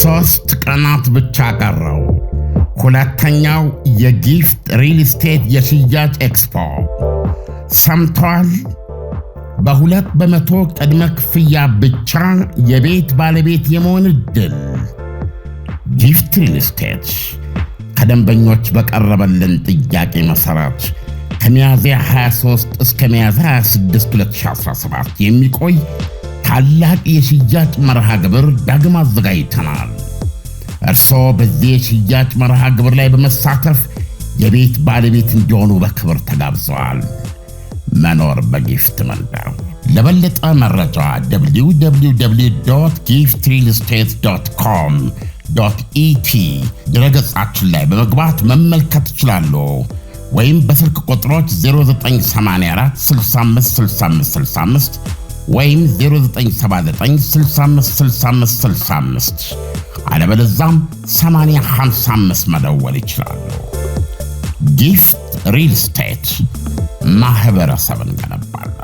ሶስት ቀናት ብቻ ቀረው። ሁለተኛው የጊፍት ሪል ስቴት የሽያጭ ኤክስፖ ሰምተዋል። በሁለት በመቶ ቅድመ ክፍያ ብቻ የቤት ባለቤት የመሆን እድል። ጊፍት ሪል ስቴት ከደንበኞች በቀረበልን ጥያቄ መሠረት ከሚያዝያ 23 እስከ ሚያዝያ 26 2017 የሚቆይ ታላቅ የሽያጭ መርሃ ግብር ዳግም አዘጋጅተናል። እርስዎ በዚህ የሽያጭ መርሃ ግብር ላይ በመሳተፍ የቤት ባለቤት እንዲሆኑ በክብር ተጋብዘዋል። መኖር በጊፍት መንደር። ለበለጠ መረጃ www ጊፍት ሪል ስቴት ዶት ኮም ዶት ኢቲ ድረገጻችን ላይ በመግባት መመልከት ይችላሉ። ወይም በስልክ ቁጥሮች 0984 65 65 65 ወይም 0979656565 አለበለዛም 855 መደወል ይችላሉ። ጊፍት ሪል ስቴት ማህበረሰብን ገነባለን።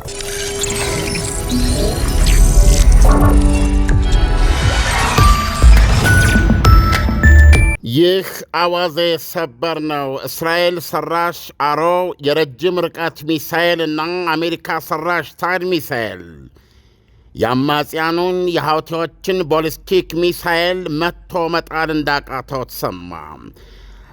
ይህ አዋዜ ሰበር ነው። እስራኤል ሰራሽ አሮ የረጅም ርቀት ሚሳኤል እና አሜሪካ ሰራሽ ታድ ሚሳኤል የአማጽያኑን የሐውቲዎችን ቦሊስቲክ ሚሳኤል መቶ መጣል እንዳቃተው ተሰማ።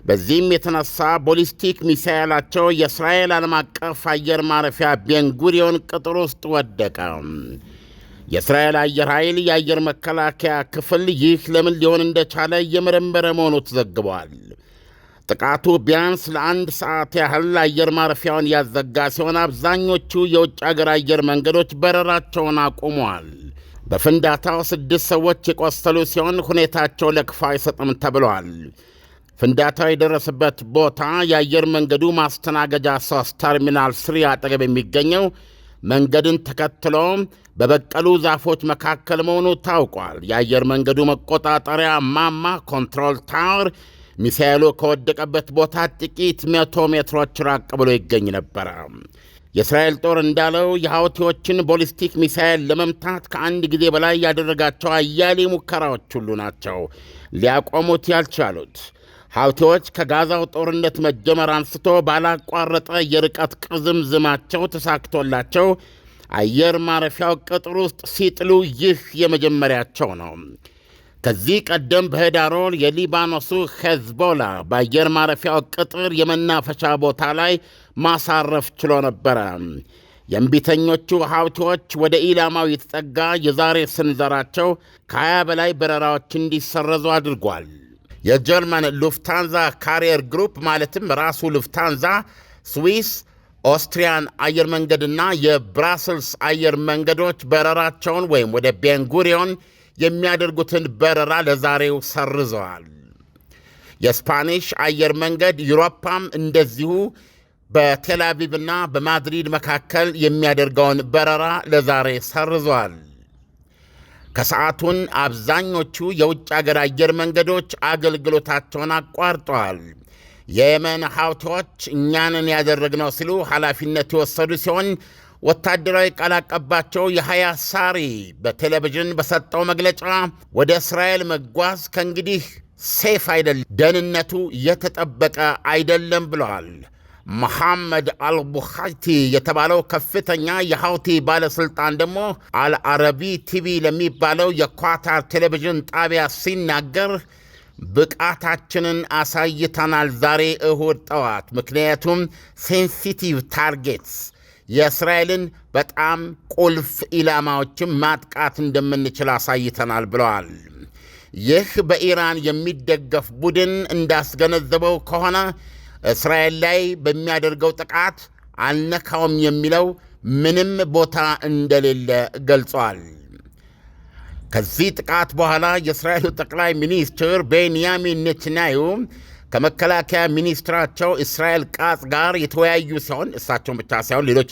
በዚህም የተነሳ ቦሊስቲክ ሚሳኤላቸው የእስራኤል ዓለም አቀፍ አየር ማረፊያ ቤንጉሪዮን ቅጥር ውስጥ ወደቀ። የእስራኤል አየር ኃይል የአየር መከላከያ ክፍል ይህ ለምን ሊሆን እንደቻለ እየመረመረ መሆኑ ተዘግቧል። ጥቃቱ ቢያንስ ለአንድ ሰዓት ያህል አየር ማረፊያውን ያዘጋ ሲሆን አብዛኞቹ የውጭ አገር አየር መንገዶች በረራቸውን አቁመዋል። በፍንዳታው ስድስት ሰዎች የቆሰሉ ሲሆን ሁኔታቸው ለክፋ አይሰጥም ተብለዋል። ፍንዳታው የደረሰበት ቦታ የአየር መንገዱ ማስተናገጃ ሶስት ተርሚናል ስሪ አጠገብ የሚገኘው መንገድን ተከትሎ በበቀሉ ዛፎች መካከል መሆኑ ታውቋል። የአየር መንገዱ መቆጣጠሪያ ማማ ኮንትሮል ታወር ሚሳኤሉ ከወደቀበት ቦታ ጥቂት መቶ ሜትሮች ራቅ ብሎ ይገኝ ነበረ። የእስራኤል ጦር እንዳለው የሐውቲዎችን ቦሊስቲክ ሚሳኤል ለመምታት ከአንድ ጊዜ በላይ ያደረጋቸው አያሌ ሙከራዎች ሁሉ ናቸው ሊያቆሙት ያልቻሉት። ሀብቴዎች ከጋዛው ጦርነት መጀመር አንስቶ ባላቋረጠ የርቀት ቅዝምዝማቸው ተሳክቶላቸው አየር ማረፊያው ቅጥር ውስጥ ሲጥሉ ይህ የመጀመሪያቸው ነው። ከዚህ ቀደም በህዳሮር የሊባኖሱ ሄዝቦላ በአየር ማረፊያው ቅጥር የመናፈሻ ቦታ ላይ ማሳረፍ ችሎ ነበረ። የእምቢተኞቹ ሀብቴዎች ወደ ኢላማው የተጠጋ የዛሬ ስንዘራቸው ከ20 በላይ በረራዎች እንዲሰረዙ አድርጓል። የጀርመን ሉፍታንዛ ካሪየር ግሩፕ ማለትም ራሱ ሉፍታንዛ ስዊስ፣ ኦስትሪያን አየር መንገድና የብራስልስ አየር መንገዶች በረራቸውን ወይም ወደ ቤንጉሪዮን የሚያደርጉትን በረራ ለዛሬው ሰርዘዋል። የስፓኒሽ አየር መንገድ ዩሮፓም እንደዚሁ በቴል በማድሪድ መካከል የሚያደርገውን በረራ ለዛሬ ሰርዘዋል። ከሰዓቱን አብዛኞቹ የውጭ አገር አየር መንገዶች አገልግሎታቸውን አቋርጠዋል። የየመን ሐውቲዎች እኛንን ያደረግነው ሲሉ ኃላፊነት የወሰዱ ሲሆን ወታደራዊ ቃል አቀባቸው የሐያ ሳሪ በቴሌቪዥን በሰጠው መግለጫ ወደ እስራኤል መጓዝ ከእንግዲህ ሴፍ አይደለም፣ ደህንነቱ የተጠበቀ አይደለም ብለዋል። መሐመድ አልቡኻቲ የተባለው ከፍተኛ የሐውቲ ባለሥልጣን ደግሞ አልአረቢ ቲቪ ለሚባለው የኳታር ቴሌቪዥን ጣቢያ ሲናገር ብቃታችንን አሳይተናል ዛሬ እሁድ ጠዋት፣ ምክንያቱም ሴንሲቲቭ ታርጌትስ የእስራኤልን በጣም ቁልፍ ኢላማዎችን ማጥቃት እንደምንችል አሳይተናል ብለዋል። ይህ በኢራን የሚደገፍ ቡድን እንዳስገነዘበው ከሆነ እስራኤል ላይ በሚያደርገው ጥቃት አልነካውም የሚለው ምንም ቦታ እንደሌለ ገልጿል። ከዚህ ጥቃት በኋላ የእስራኤሉ ጠቅላይ ሚኒስትር ቤንያሚን ኔትናዩ ከመከላከያ ሚኒስትራቸው እስራኤል ቃጽ ጋር የተወያዩ ሲሆን እሳቸውን ብቻ ሳይሆን ሌሎች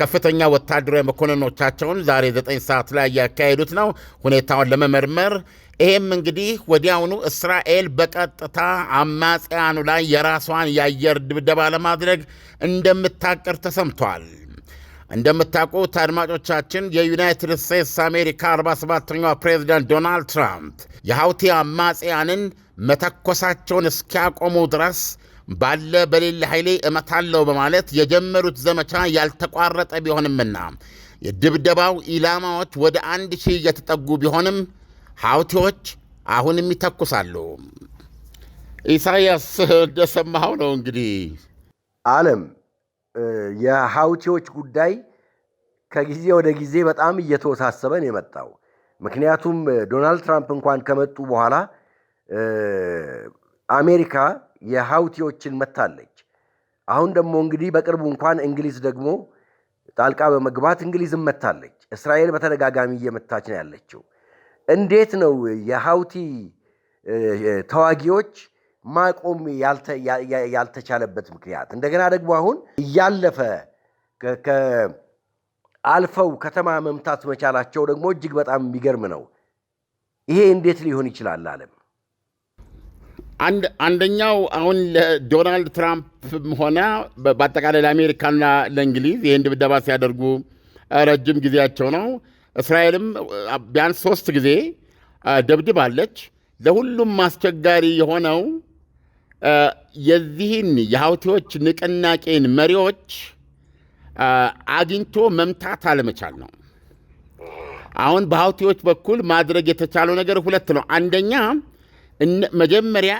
ከፍተኛ ወታደራዊ መኮንኖቻቸውን ዛሬ 9 ሰዓት ላይ ያካሄዱት ነው ሁኔታውን ለመመርመር ይህም እንግዲህ ወዲያውኑ እስራኤል በቀጥታ አማጽያኑ ላይ የራሷን የአየር ድብደባ ለማድረግ እንደምታቅር ተሰምቷል። እንደምታውቁት አድማጮቻችን የዩናይትድ ስቴትስ አሜሪካ 47ኛው ፕሬዚዳንት ዶናልድ ትራምፕ የሐውቲ አማጽያንን መተኮሳቸውን እስኪያቆሙ ድረስ ባለ በሌለ ኃይሌ እመታለሁ በማለት የጀመሩት ዘመቻ ያልተቋረጠ ቢሆንምና የድብደባው ኢላማዎች ወደ አንድ ሺህ እየተጠጉ ቢሆንም ሐውቲዎች አሁንም ይተኩሳሉ። ኢሳይያስ እንደሰማኸው ነው እንግዲህ አለም የሐውቲዎች ጉዳይ ከጊዜ ወደ ጊዜ በጣም እየተወሳሰበ ነው የመጣው። ምክንያቱም ዶናልድ ትራምፕ እንኳን ከመጡ በኋላ አሜሪካ የሐውቲዎችን መታለች። አሁን ደግሞ እንግዲህ በቅርቡ እንኳን እንግሊዝ ደግሞ ጣልቃ በመግባት እንግሊዝም መታለች። እስራኤል በተደጋጋሚ እየመታች ነው ያለችው። እንዴት ነው የሀውቲ ተዋጊዎች ማቆም ያልተቻለበት ምክንያት? እንደገና ደግሞ አሁን እያለፈ አልፈው ከተማ መምታት መቻላቸው ደግሞ እጅግ በጣም የሚገርም ነው። ይሄ እንዴት ሊሆን ይችላል? አለም አንደኛው አሁን ለዶናልድ ትራምፕም ሆነ በአጠቃላይ ለአሜሪካና ለእንግሊዝ ይህን ድብደባ ሲያደርጉ ረጅም ጊዜያቸው ነው። እስራኤልም ቢያንስ ሶስት ጊዜ ደብድባለች። ለሁሉም አስቸጋሪ የሆነው የዚህን የሀውቴዎች ንቅናቄን መሪዎች አግኝቶ መምታት አለመቻል ነው። አሁን በሀውቴዎች በኩል ማድረግ የተቻለው ነገር ሁለት ነው። አንደኛ መጀመሪያ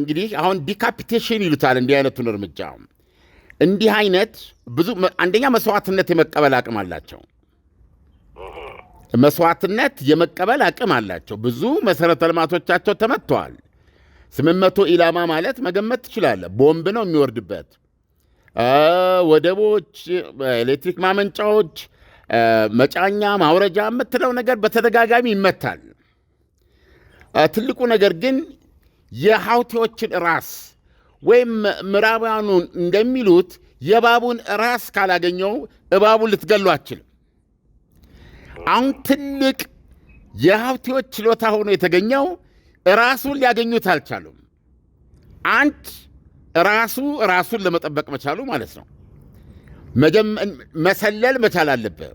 እንግዲህ አሁን ዲካፒቴሽን ይሉታል እንዲህ አይነቱን እርምጃ እንዲህ አይነት ብዙ አንደኛ መስዋዕትነት የመቀበል አቅም አላቸው። መስዋዕትነት የመቀበል አቅም አላቸው። ብዙ መሠረተ ልማቶቻቸው ተመትተዋል። ስምንት መቶ ኢላማ ማለት መገመት ትችላለህ። ቦምብ ነው የሚወርድበት፣ ወደቦች፣ ኤሌክትሪክ ማመንጫዎች፣ መጫኛ ማውረጃ የምትለው ነገር በተደጋጋሚ ይመታል። ትልቁ ነገር ግን የሐውቲዎችን ራስ ወይም ምዕራባውያኑን እንደሚሉት የእባቡን ራስ ካላገኘው እባቡን ልትገሉ አችልም። አሁን ትልቅ የሀብቴዎች ችሎታ ሆኖ የተገኘው ራሱን ሊያገኙት አልቻሉም። አንድ ራሱ ራሱን ለመጠበቅ መቻሉ ማለት ነው። መሰለል መቻል አለብህ።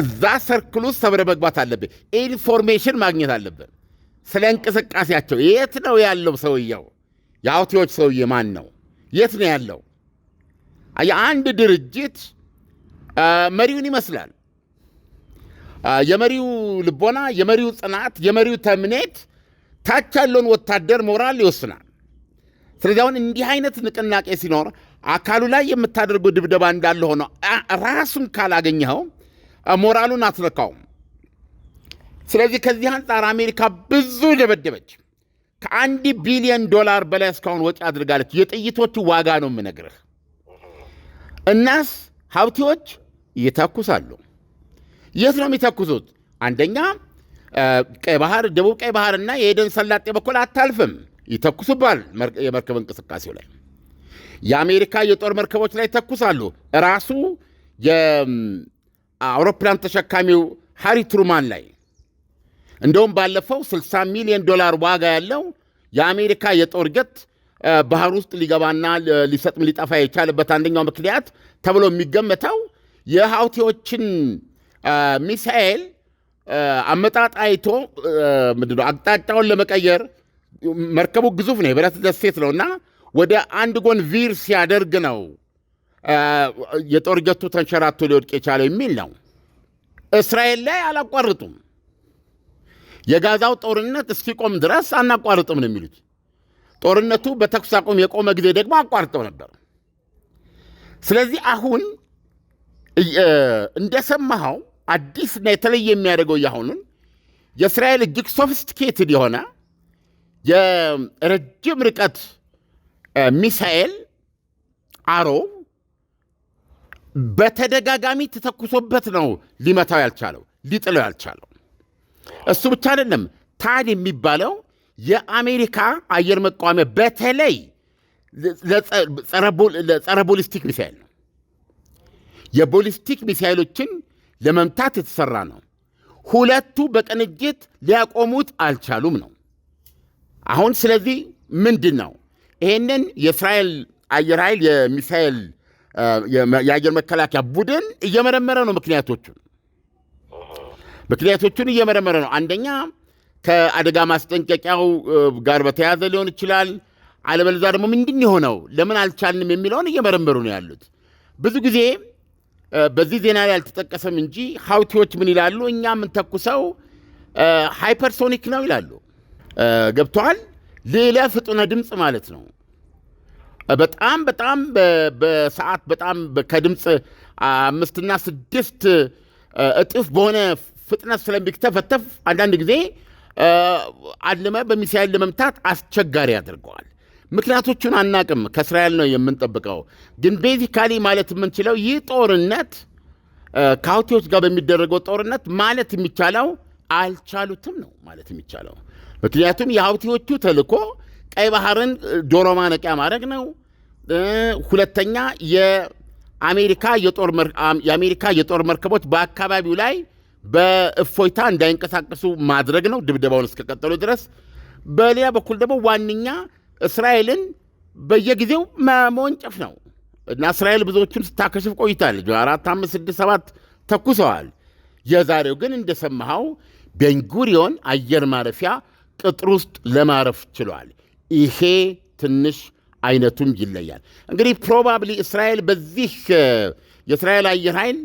እዛ ሰርክል ውስጥ ሰብረ መግባት አለብህ። ኢንፎርሜሽን ማግኘት አለብህ ስለ እንቅስቃሴያቸው። የት ነው ያለው ሰውየው? የሀብቴዎች ሰውዬ ማን ነው? የት ነው ያለው? የአንድ ድርጅት መሪውን ይመስላል የመሪው ልቦና፣ የመሪው ጽናት፣ የመሪው ተምኔት ታች ያለውን ወታደር ሞራል ይወስናል። ስለዚህ አሁን እንዲህ አይነት ንቅናቄ ሲኖር አካሉ ላይ የምታደርገው ድብደባ እንዳለ ሆኖ ራሱን ካላገኘኸው ሞራሉን አትነካውም። ስለዚህ ከዚህ አንጻር አሜሪካ ብዙ ደበደበች። ከአንድ ቢሊዮን ዶላር በላይ እስካሁን ወጪ አድርጋለች። የጥይቶቹ ዋጋ ነው የምነግርህ። እናስ ሀብቴዎች ይተኩሳሉ። የት ነው የሚተኩሱት? አንደኛ ቀይ ባህር፣ ደቡብ ቀይ ባህር እና የኤደን ሰላጤ በኩል አታልፍም፣ ይተኩሱባል። የመርከብ እንቅስቃሴው ላይ የአሜሪካ የጦር መርከቦች ላይ ይተኩሳሉ። ራሱ የአውሮፕላን ተሸካሚው ሃሪ ትሩማን ላይ እንደውም ባለፈው 60 ሚሊዮን ዶላር ዋጋ ያለው የአሜሪካ የጦር ጀት ባህር ውስጥ ሊገባና ሊሰጥም ሊጠፋ የቻለበት አንደኛው ምክንያት ተብሎ የሚገመተው የሀውቲዎችን ሚሳኤል አመጣጥ አይቶ ምንድን ነው አቅጣጫውን ለመቀየር መርከቡ ግዙፍ ነው፣ የብረት ደሴት ነው እና ወደ አንድ ጎን ቪር ሲያደርግ ነው የጦር ጀቱ ተንሸራቶ ሊወድቅ የቻለው የሚል ነው። እስራኤል ላይ አላቋርጡም፣ የጋዛው ጦርነት እስኪቆም ድረስ አናቋርጥም ነው የሚሉት። ጦርነቱ በተኩስ አቁም የቆመ ጊዜ ደግሞ አቋርጠው ነበር። ስለዚህ አሁን እንደሰማኸው አዲስና የተለየ የሚያደርገው ያሁኑን የእስራኤል እጅግ ሶፊስቲኬትድ የሆነ የረጅም ርቀት ሚሳኤል አሮ በተደጋጋሚ ተተኩሶበት ነው ሊመታው ያልቻለው ሊጥለው ያልቻለው። እሱ ብቻ አይደለም፣ ታድ የሚባለው የአሜሪካ አየር መቃወሚያ በተለይ ጸረ ቦሊስቲክ ሚሳኤል ነው። የቦሊስቲክ ሚሳኤሎችን ለመምታት የተሠራ ነው። ሁለቱ በቅንጅት ሊያቆሙት አልቻሉም ነው። አሁን ስለዚህ ምንድን ነው ይህንን የእስራኤል አየር ኃይል የሚሳኤል የአየር መከላከያ ቡድን እየመረመረ ነው። ምክንያቶቹን ምክንያቶቹን እየመረመረ ነው። አንደኛ ከአደጋ ማስጠንቀቂያው ጋር በተያያዘ ሊሆን ይችላል። አለበለዛ ደግሞ ምንድን የሆነው ለምን አልቻልንም የሚለውን እየመረመሩ ነው ያሉት ብዙ ጊዜ በዚህ ዜና ላይ አልተጠቀሰም እንጂ ሀውቲዎች ምን ይላሉ? እኛ የምንተኩሰው ሃይፐርሶኒክ ነው ይላሉ። ገብተዋል። ሌላ ፍጡነ ድምፅ ማለት ነው። በጣም በጣም በሰዓት በጣም ከድምፅ አምስትና ስድስት እጥፍ በሆነ ፍጥነት ስለሚተፈተፍ አንዳንድ ጊዜ አልመ በሚሳይል ለመምታት አስቸጋሪ ያደርገዋል። ምክንያቶቹን አናቅም። ከእስራኤል ነው የምንጠብቀው። ግን ቤዚካሊ ማለት የምንችለው ይህ ጦርነት ከሀውቲዎች ጋር በሚደረገው ጦርነት ማለት የሚቻለው አልቻሉትም ነው ማለት የሚቻለው። ምክንያቱም የሀውቲዎቹ ተልእኮ ቀይ ባህርን ጆሮ ማነቂያ ማድረግ ነው። ሁለተኛ የአሜሪካ የጦር መርከቦች በአካባቢው ላይ በእፎይታ እንዳይንቀሳቀሱ ማድረግ ነው፣ ድብደባውን እስከቀጠሉ ድረስ። በሌላ በኩል ደግሞ ዋነኛ እስራኤልን በየጊዜው መወንጨፍ ነው እና እስራኤል ብዙዎቹን ስታከሽፍ ቆይታለች። አራት፣ አምስት፣ ስድስት፣ ሰባት ተኩሰዋል። የዛሬው ግን እንደሰማኸው ቤንጉሪዮን አየር ማረፊያ ቅጥር ውስጥ ለማረፍ ችሏል። ይሄ ትንሽ አይነቱም ይለያል። እንግዲህ ፕሮባብሊ እስራኤል በዚህ የእስራኤል አየር ኃይል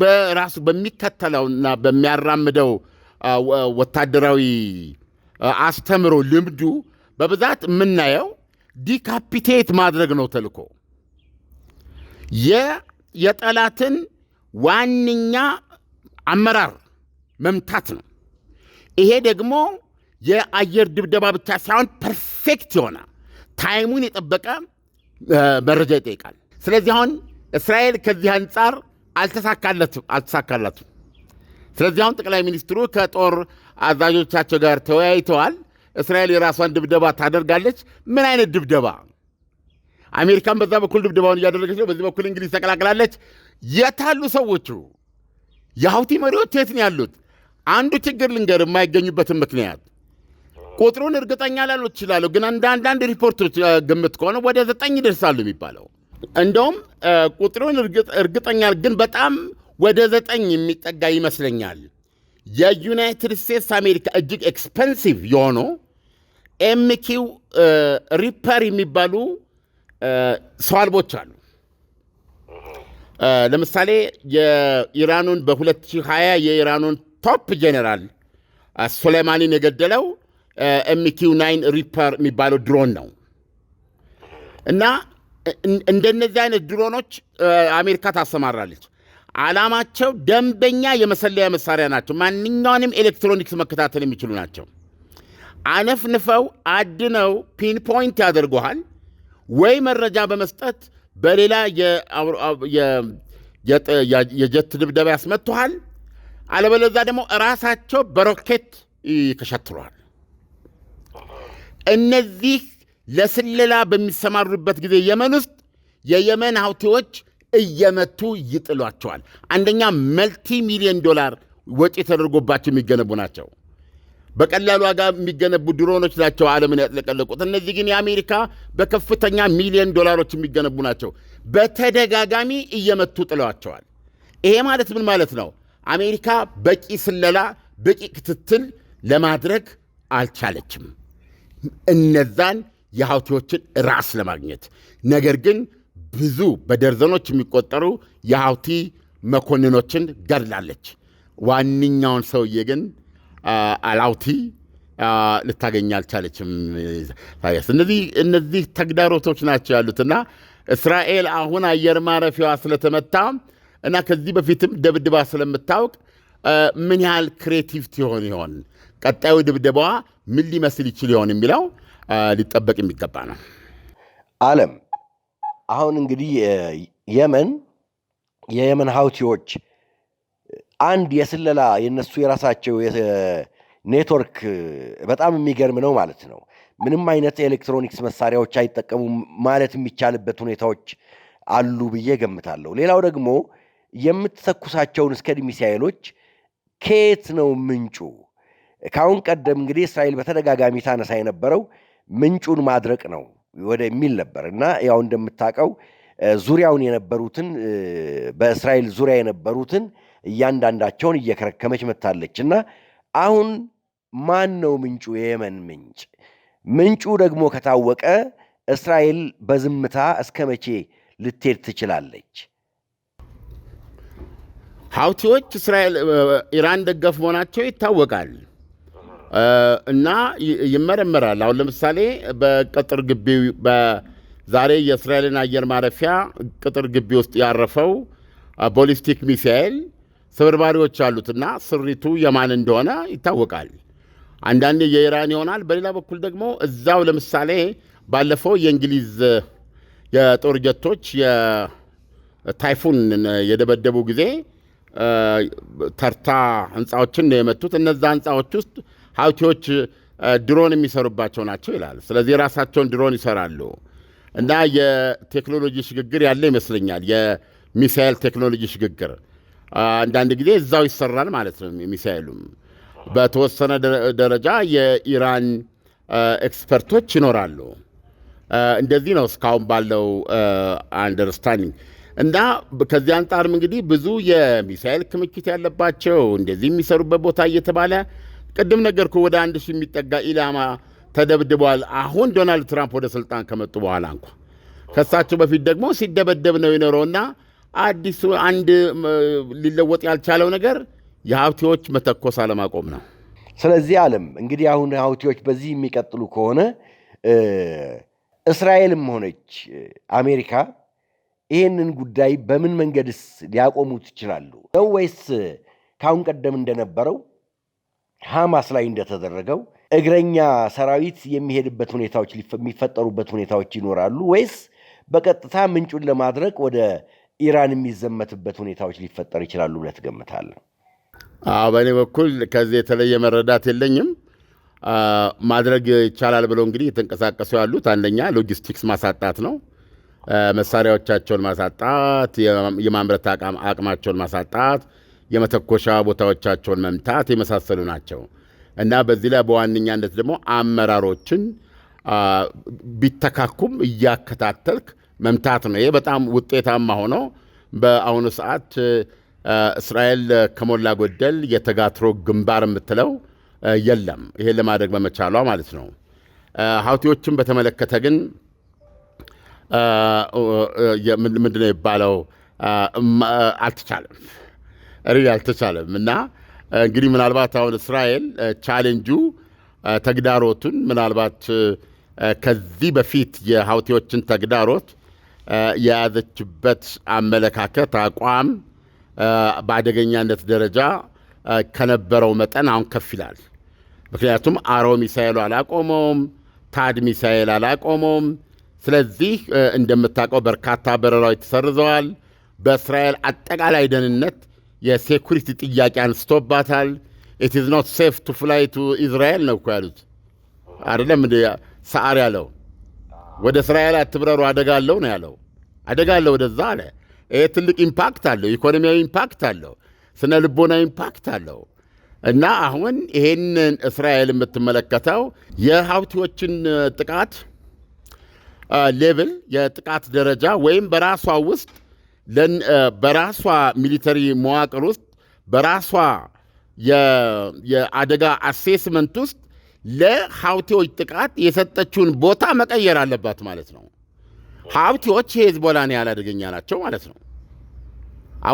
በራሱ በሚከተለውና በሚያራምደው ወታደራዊ አስተምሮ ልምዱ በብዛት የምናየው ዲካፒቴት ማድረግ ነው ተልኮ የጠላትን ዋነኛ አመራር መምታት ነው። ይሄ ደግሞ የአየር ድብደባ ብቻ ሳይሆን ፐርፌክት የሆነ ታይሙን የጠበቀ መረጃ ይጠይቃል። ስለዚህ አሁን እስራኤል ከዚህ አንጻር አልተሳካላትም። ስለዚህ አሁን ጠቅላይ ሚኒስትሩ ከጦር አዛዦቻቸው ጋር ተወያይተዋል። እስራኤል የራሷን ድብደባ ታደርጋለች። ምን አይነት ድብደባ? አሜሪካን በዛ በኩል ድብደባውን እያደረገች ነው፣ በዚህ በኩል እንግሊዝ ተቀላቅላለች። የት ሰዎቹ? የሀውቲ መሪዎች የት ነው ያሉት? አንዱ ችግር ልንገር፣ የማይገኙበትን ምክንያት ቁጥሩን እርግጠኛ ላሉ ይችላሉ፣ ግን እንደ አንዳንድ ሪፖርቶች ግምት ከሆነ ወደ ዘጠኝ ይደርሳሉ የሚባለው እንደውም ቁጥሩን እርግጠኛ ግን በጣም ወደ ዘጠኝ የሚጠጋ ይመስለኛል። የዩናይትድ ስቴትስ አሜሪካ እጅግ ኤክስፐንሲቭ የሆኑ ኤምኪው ሪፐር uh, የሚባሉ uh, ሰው አልቦች አሉ። uh, ለምሳሌ የኢራኑን በ2020 የኢራኑን ቶፕ ጄኔራል ሱሌማኒን የገደለው ኤምኪው ናይን ሪፐር የሚባለው ድሮን ነው እና እንደነዚህ አይነት ድሮኖች አሜሪካ ታሰማራለች። ዓላማቸው ደንበኛ የመሰለያ መሳሪያ ናቸው። ማንኛውንም ኤሌክትሮኒክስ መከታተል የሚችሉ ናቸው። አነፍንፈው አድነው ፒንፖይንት ያደርገዋል ወይ መረጃ በመስጠት በሌላ የጀት ድብደባ ያስመትኋል። አለበለዛ ደግሞ ራሳቸው በሮኬት ይከሸትሏል። እነዚህ ለስለላ በሚሰማሩበት ጊዜ የመን ውስጥ የየመን ሀውቲዎች እየመቱ ይጥሏቸዋል። አንደኛ መልቲ ሚሊዮን ዶላር ወጪ ተደርጎባቸው የሚገነቡ ናቸው። በቀላሉ ዋጋ የሚገነቡ ድሮኖች ናቸው ዓለምን ያጥለቀለቁት። እነዚህ ግን የአሜሪካ በከፍተኛ ሚሊዮን ዶላሮች የሚገነቡ ናቸው። በተደጋጋሚ እየመቱ ጥለዋቸዋል። ይሄ ማለት ምን ማለት ነው? አሜሪካ በቂ ስለላ፣ በቂ ክትትል ለማድረግ አልቻለችም እነዛን የሀውቲዎችን ራስ ለማግኘት ነገር ግን ብዙ በደርዘኖች የሚቆጠሩ የሀውቲ መኮንኖችን ገድላለች። ዋነኛውን ሰውዬ ግን አላውቲ ልታገኝ አልቻለችም። እነዚህ እነዚህ ተግዳሮቶች ናቸው ያሉትና እስራኤል አሁን አየር ማረፊያዋ ስለተመታ እና ከዚህ በፊትም ደብድባ ስለምታውቅ ምን ያህል ክሬቲቭ ትሆን ይሆን? ቀጣዩ ድብደባዋ ምን ሊመስል ይችል ይሆን የሚለው ሊጠበቅ የሚገባ ነው። ዓለም አሁን እንግዲህ የመን የየመን ሀውቲዎች አንድ የስለላ የነሱ የራሳቸው ኔትወርክ በጣም የሚገርም ነው ማለት ነው። ምንም አይነት ኤሌክትሮኒክስ መሳሪያዎች አይጠቀሙም ማለት የሚቻልበት ሁኔታዎች አሉ ብዬ ገምታለሁ። ሌላው ደግሞ የምትተኩሳቸውን እስከ ሚሳኤሎች ከየት ነው ምንጩ? ከአሁን ቀደም እንግዲህ እስራኤል በተደጋጋሚ ታነሳ የነበረው ምንጩን ማድረቅ ነው። ወደ የሚል ነበር እና ያው እንደምታውቀው ዙሪያውን የነበሩትን በእስራኤል ዙሪያ የነበሩትን እያንዳንዳቸውን እየከረከመች መታለች እና አሁን ማን ነው ምንጩ? የየመን ምንጭ ምንጩ ደግሞ ከታወቀ እስራኤል በዝምታ እስከ መቼ ልትሄድ ትችላለች? ሀውቲዎች ኢራን ደገፍ መሆናቸው ይታወቃል። እና ይመረመራል። አሁን ለምሳሌ በቅጥር ግቢ በዛሬ የእስራኤልን አየር ማረፊያ ቅጥር ግቢ ውስጥ ያረፈው ቦሊስቲክ ሚሳኤል ስብርባሪዎች አሉትና ስሪቱ የማን እንደሆነ ይታወቃል። አንዳንዴ የኢራን ይሆናል። በሌላ በኩል ደግሞ እዛው ለምሳሌ ባለፈው የእንግሊዝ የጦር ጀቶች የታይፉን የደበደቡ ጊዜ ተርታ ህንፃዎችን ነው የመቱት። እነዛ ህንፃዎች ውስጥ ሀውቲዎች ድሮን የሚሰሩባቸው ናቸው ይላል። ስለዚህ የራሳቸውን ድሮን ይሰራሉ እና የቴክኖሎጂ ሽግግር ያለ ይመስለኛል። የሚሳኤል ቴክኖሎጂ ሽግግር አንዳንድ ጊዜ እዛው ይሰራል ማለት ነው። የሚሳኤሉም በተወሰነ ደረጃ የኢራን ኤክስፐርቶች ይኖራሉ። እንደዚህ ነው እስካሁን ባለው አንደርስታንዲንግ እና ከዚህ አንጻርም እንግዲህ ብዙ የሚሳኤል ክምችት ያለባቸው እንደዚህ የሚሰሩበት ቦታ እየተባለ ቅድም ነገርኩ ወደ አንድ ሺህ የሚጠጋ ኢላማ ተደብድቧል አሁን ዶናልድ ትራምፕ ወደ ስልጣን ከመጡ በኋላ እንኳ ከሳቸው በፊት ደግሞ ሲደበደብ ነው የኖረውና አዲሱ አንድ ሊለወጥ ያልቻለው ነገር የሀውቲዎች መተኮስ አለማቆም ነው። ስለዚህ ዓለም እንግዲህ አሁን ሀውቲዎች በዚህ የሚቀጥሉ ከሆነ እስራኤልም ሆነች አሜሪካ ይህንን ጉዳይ በምን መንገድስ ሊያቆሙት ይችላሉ ነው ወይስ ከአሁን ቀደም እንደነበረው ሐማስ ላይ እንደተደረገው እግረኛ ሰራዊት የሚሄድበት ሁኔታዎች የሚፈጠሩበት ሁኔታዎች ይኖራሉ ወይስ በቀጥታ ምንጩን ለማድረግ ወደ ኢራን የሚዘመትበት ሁኔታዎች ሊፈጠር ይችላሉ ብለህ ትገምታለህ? በእኔ በኩል ከዚህ የተለየ መረዳት የለኝም። ማድረግ ይቻላል ብለው እንግዲህ የተንቀሳቀሱ ያሉት አንደኛ ሎጂስቲክስ ማሳጣት ነው። መሳሪያዎቻቸውን ማሳጣት፣ የማምረት አቅማቸውን ማሳጣት የመተኮሻ ቦታዎቻቸውን መምታት የመሳሰሉ ናቸው እና በዚህ ላይ በዋነኛነት ደግሞ አመራሮችን ቢተካኩም እያከታተልክ መምታት ነው። ይሄ በጣም ውጤታማ ሆኖ በአሁኑ ሰዓት እስራኤል ከሞላ ጎደል የተጋትሮ ግንባር የምትለው የለም። ይሄን ለማድረግ በመቻሏ ማለት ነው። ሀውቲዎችን በተመለከተ ግን ምንድነው የሚባለው አልተቻለም። ሪል አልተቻለም እና እንግዲህ ምናልባት አሁን እስራኤል ቻሌንጁ ተግዳሮቱን ምናልባት ከዚህ በፊት የሀውቲዎችን ተግዳሮት የያዘችበት አመለካከት አቋም በአደገኛነት ደረጃ ከነበረው መጠን አሁን ከፍ ይላል። ምክንያቱም አሮ ሚሳኤሉ አላቆመውም፣ ታድ ሚሳኤል አላቆመውም። ስለዚህ እንደምታውቀው በርካታ በረራዎች ተሰርዘዋል። በእስራኤል አጠቃላይ ደህንነት የሴኩሪቲ ጥያቄ አንስቶባታል። ኢት ኢዝ ኖት ሴፍ ቱ ፍላይ ቱ ኢዝራኤል ነው እኮ ያሉት አይደለም እንደ ሰዓር ያለው ወደ እስራኤል አትብረሩ አደጋ አለው ነው ያለው። አደጋ አለው ወደዛ አለ። ይህ ትልቅ ኢምፓክት አለው። ኢኮኖሚያዊ ኢምፓክት አለው። ስነ ልቦና ኢምፓክት አለው። እና አሁን ይሄንን እስራኤል የምትመለከተው የሀውቲዎችን ጥቃት ሌቭል የጥቃት ደረጃ ወይም በራሷ ውስጥ በራሷ ሚሊተሪ መዋቅር ውስጥ በራሷ የአደጋ አሴስመንት ውስጥ ለሀውቲዎች ጥቃት የሰጠችውን ቦታ መቀየር አለባት ማለት ነው። ሀውቲዎች የሄዝቦላን ያህል አደገኛ ናቸው ማለት ነው።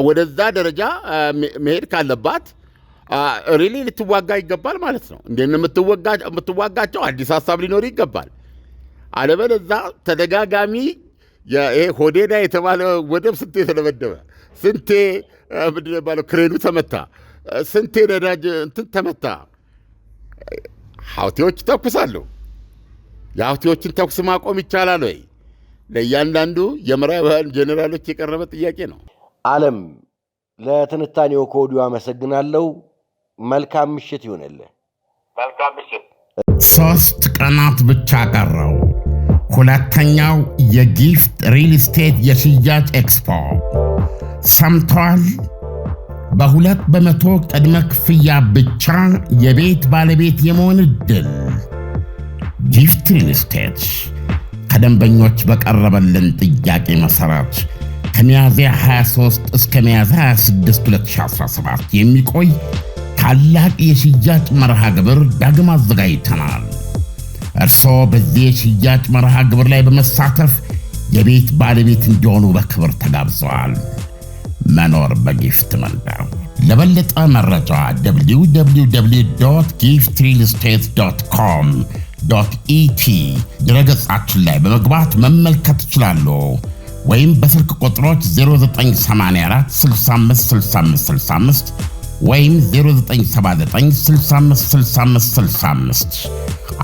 ወደዛ ደረጃ መሄድ ካለባት ሪሊ ልትዋጋ ይገባል ማለት ነው። እንደ የምትዋጋቸው አዲስ ሀሳብ ሊኖር ይገባል። አለበለዛ ተደጋጋሚ ሆዴዳ የተባለ ወደብ ስንቴ ተደበደበ፣ ስንቴ ምንድን ነው የሚባለው ክሬኑ ተመታ፣ ስንቴ ነዳጅ እንትን ተመታ። ሀውቴዎች ይተኩሳሉ። የሀውቴዎችን ተኩስ ማቆም ይቻላል ወይ? ለእያንዳንዱ የምዕራባውያን ጀኔራሎች የቀረበ ጥያቄ ነው። አለም ለትንታኔው ከወዲሁ አመሰግናለሁ። መልካም ምሽት ይሆንልህ። ሶስት ቀናት ብቻ ቀረው። ሁለተኛው የጊፍት ሪል ስቴት የሽያጭ ኤክስፖ ሰምቷል። በሁለት በመቶ ቅድመ ክፍያ ብቻ የቤት ባለቤት የመሆን እድል። ጊፍት ሪል ስቴት ከደንበኞች በቀረበልን ጥያቄ መሠረት ከሚያዝያ 23 እስከ ሚያዝያ 26 2017 የሚቆይ ታላቅ የሽያጭ መርሃ ግብር ዳግም አዘጋጅተናል። እርስዎ በዚህ የሽያጭ መርሃ ግብር ላይ በመሳተፍ የቤት ባለቤት እንዲሆኑ በክብር ተጋብዘዋል። መኖር በጊፍት መንደር። ለበለጠ መረጃ www ጊፍት ሪል ስቴት ዶት ኮም ዶት ኢቲ ድረገጻችን ላይ በመግባት መመልከት ይችላሉ ወይም በስልክ ቁጥሮች 0984 65 65 65 ወይም 0979656565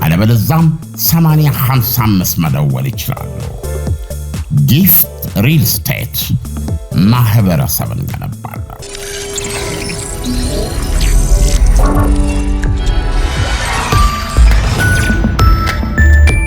አለበለዛም 855 መደወል ይችላሉ። ጊፍት ሪል ስቴት ማህበረሰብን ገነባለን።